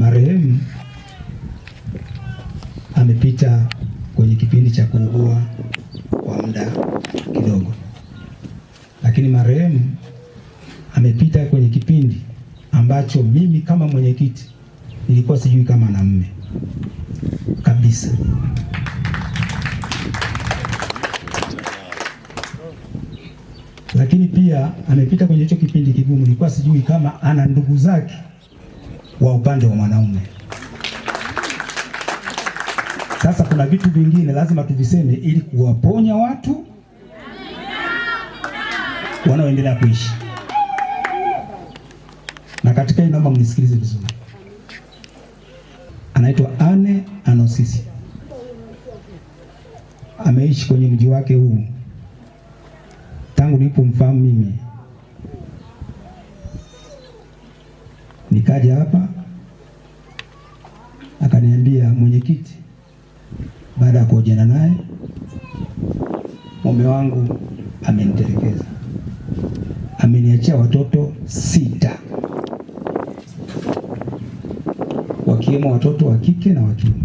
Marehemu amepita kwenye kipindi cha kuugua kwa muda kidogo, lakini marehemu amepita kwenye kipindi ambacho mimi kama mwenyekiti nilikuwa sijui kama na mme kabisa. Lakini pia amepita kwenye hicho kipindi kigumu, nilikuwa sijui kama ana ndugu zake wa upande wa mwanaume. Sasa kuna vitu vingine lazima tuviseme ili kuwaponya watu wanaoendelea kuishi na katika hii, naomba mnisikilize vizuri. Anaitwa Anne Anosisi, ameishi kwenye mji wake huu tangu nilipomfahamu mimi Nikaja hapa akaniambia, mwenyekiti, baada ya kuojana naye mume wangu amenitelekeza, ameniachia watoto sita, wakiwemo watoto wa kike na wa kiume.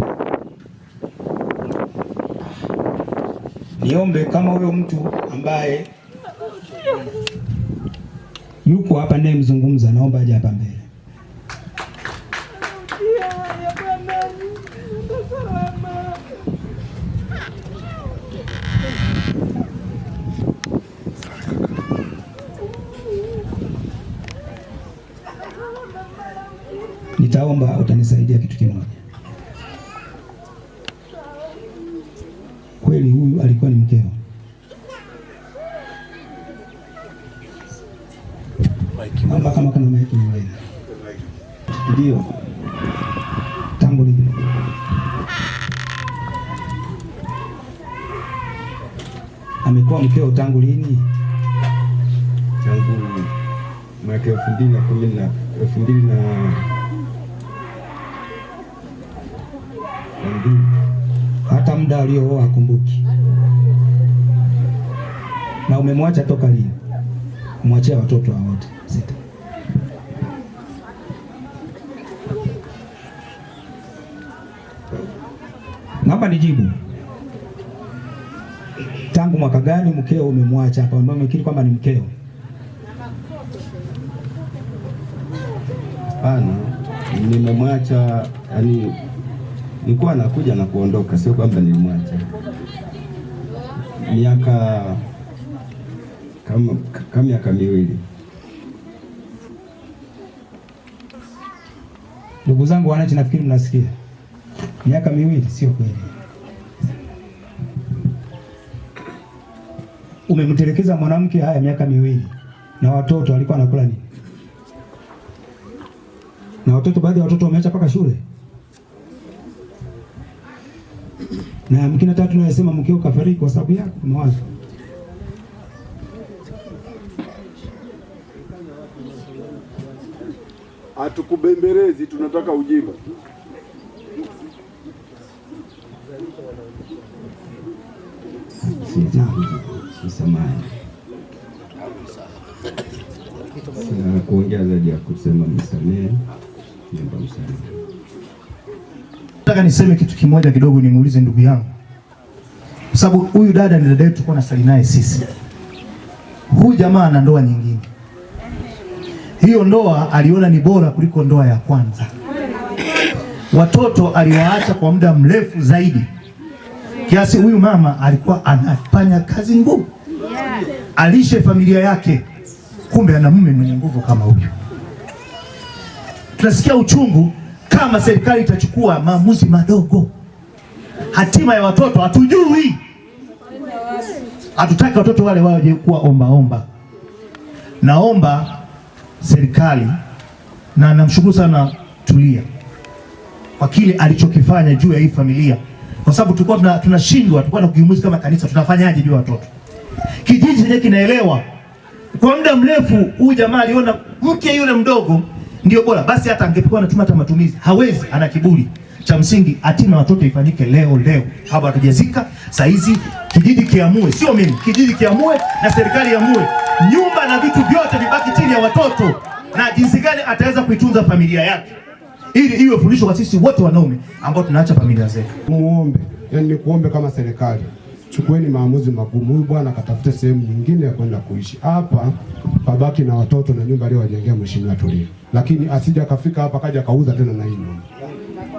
Niombe kama huyo mtu ambaye yuko hapa naye mzungumza, naomba aje hapa mbele. nitaomba utanisaidia kitu kimoja. Kweli huyu alikuwa ni mkeo? Naomba kama kuna maiki mwenye ndio tangulia amekuwa mkeo tangu lini? Tangu mwaka elfu mbili na kumi na elfu mbili na hata muda aliooa hakumbuki. Na umemwacha toka lini? Mwachia watoto hao wote sita. Naomba nijibu, tangu mwaka gani mkeo umemwacha? Hapa umekiri kwamba ni mkeo? Hapana, nimemwacha yani nilikuwa nakuja na kuondoka, sio kwamba nilimwacha. Miaka kama kama miaka miwili. Ndugu zangu wananchi, nafikiri mnasikia, miaka miwili sio kweli. Umemtelekeza mwanamke haya miaka miwili, na watoto walikuwa anakula nini? Na watoto, baadhi ya watoto wameacha mpaka shule. na mkina tatu nayesema mkeo kafariki kwa sababu yako mawazo hatukubembelezi, tunataka ujima. Sina kuongea zaidi ya kusema msamehe, naomba msamehe nataka niseme kitu kimoja kidogo, nimuulize ndugu yangu, kwa sababu huyu dada ni dada yetu, kwa nasali naye sisi. Huyu jamaa ana ndoa nyingine, hiyo ndoa aliona ni bora kuliko ndoa ya kwanza. Watoto aliwaacha kwa muda mrefu zaidi, kiasi huyu mama alikuwa anafanya kazi ngumu alishe familia yake, kumbe ana mume mwenye nguvu kama huyu. Tunasikia uchungu kama serikali itachukua maamuzi madogo. Hatima ya watoto hatujui, hatutaki watoto wale waje kuwa ombaomba. Naomba serikali na namshukuru sana Tulia kwa kile alichokifanya juu ya hii familia, kwa sababu tulikuwa tunashindwa, tulikuwa tunakiumuzi kama kanisa, tunafanyaje juu ya watoto. Kijiji chenyewe kinaelewa. Kwa muda mrefu huyu jamaa aliona mke yule mdogo ndio bora basi, hata angepikuwa anachuma hata matumizi hawezi, ana kiburi cha msingi. Hatima watoto ifanyike leo leo, hapa hatujazika saa hizi. Kijiji kiamue, sio mimi, kijiji kiamue na serikali iamue, nyumba na vitu vyote vibaki chini ya watoto, na jinsi gani ataweza kuitunza familia yake, ili iwe fundisho kwa sisi wote wanaume ambao tunaacha familia zetu. Muombe, yani nikuombe kama serikali chukueni maamuzi magumu. Huyu bwana akatafute sehemu nyingine ya kwenda kuishi, hapa babaki na watoto na nyumba aliyowajengea mheshimiwa Tulia, lakini asija akafika hapa kaja akauza tena na hii nyumba.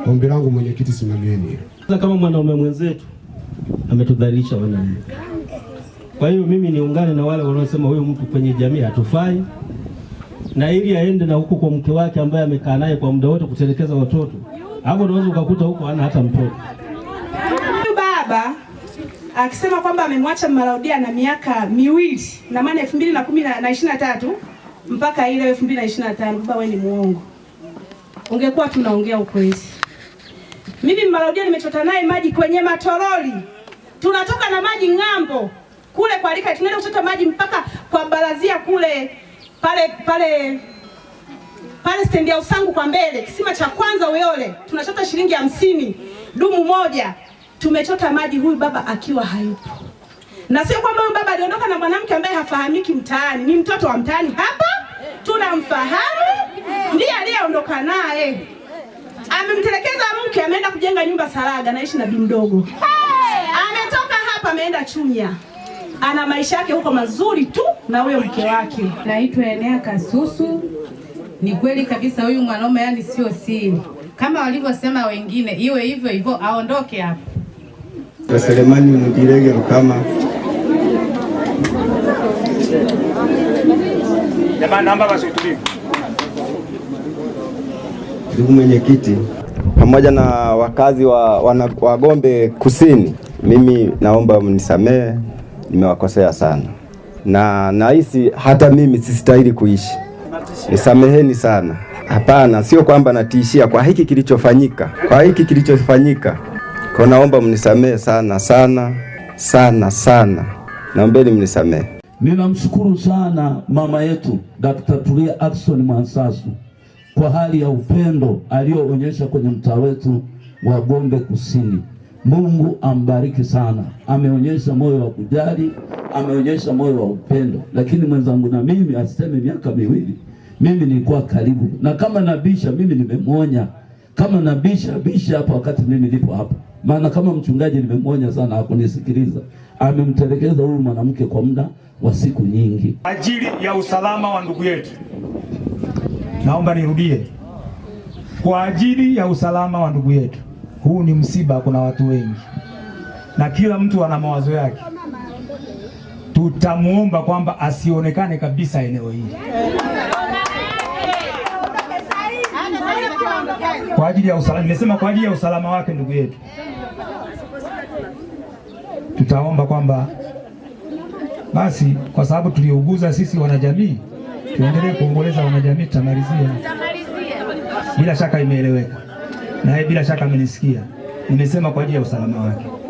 Ombi langu mwenyekiti, simamieni kama mwanaume mwenzetu ametudhalilisha wana Kwa hiyo mimi niungane na wale wanaosema huyu mtu kwenye jamii hatufai, na ili aende na huko kwa mke wake ambaye amekaa naye kwa muda wote kutelekeza watoto hapo, unaweza ukakuta huko hana hata mtoto baba akisema kwamba amemwacha Maraudia na miaka miwili na maana elfu mbili na kumi na ishirini na tatu mpaka ile elfu mbili na ishirini na tano Baba wewe ni muongo, ungekuwa tunaongea ukweli. Mimi Maraudia nimechota naye maji kwenye matoroli, tunatoka na maji ng'ambo kule kwa Rika, tunaenda kuchota maji mpaka kwa barazia kule pale pale pale stendi ya Usangu kwa mbele, kisima cha kwanza Uyole, tunachota shilingi hamsini dumu moja tumechota maji, huyu baba akiwa hayupo. Na sio kwamba huyu baba aliondoka na mwanamke ambaye hafahamiki mtaani, ni mtoto wa mtaani hapa, tunamfahamu ndiye aliyeondoka naye, amemtelekeza mke, ameenda kujenga nyumba Saraga, naishi na bi mdogo. Ametoka hapa ameenda Chunya, ana maisha yake huko mazuri tu na huyo mke wake. Naitwa Enea Kasusu. Ni kweli kabisa, huyu mwanaume yani sio siri kama walivyosema wengine, iwe hivyo hivyo, aondoke hapa. Selemani Mudirege Rukama. Ndugu mwenyekiti, pamoja na wakazi wa Wagombe Kusini, mimi naomba mnisamehe, nimewakosea sana na nahisi hata mimi sistahili kuishi. Nisameheni sana. Hapana, sio kwamba natishia kwa hiki kilichofanyika, kwa hiki kilichofanyika kwa naomba mnisamehe sana sana sana sana, naombeni mnisamehe. Ninamshukuru sana mama yetu Dr. Tulia Ackson Mwansasu kwa hali ya upendo aliyoonyesha kwenye mtaa wetu wa Gombe Kusini. Mungu ambariki sana, ameonyesha moyo wa kujali, ameonyesha moyo wa upendo. Lakini mwenzangu na mimi asiseme miaka miwili, mimi nilikuwa karibu na kama nabisha, mimi nimemwonya kama nabisha bisha hapa wakati mimi nilipo hapa maana kama mchungaji nimemwonya sana, hakunisikiliza. Amemtelekeza huyu mwanamke kwa muda wa siku nyingi, ajili ya usalama wa ndugu yetu. Naomba nirudie, kwa ajili ya usalama wa ndugu yetu. Huu ni msiba, kuna watu wengi na kila mtu ana mawazo yake. Tutamwomba kwamba asionekane kabisa eneo hili kwa ajili ya usalama. Nimesema kwa ajili ya usalama wake ndugu yetu tutaomba kwamba basi, kwa sababu tuliouguza sisi wanajamii, tuendelee kuomboleza wanajamii, tutamalizia. Bila shaka imeeleweka, naye bila shaka amenisikia nimesema kwa ajili ya usalama wake.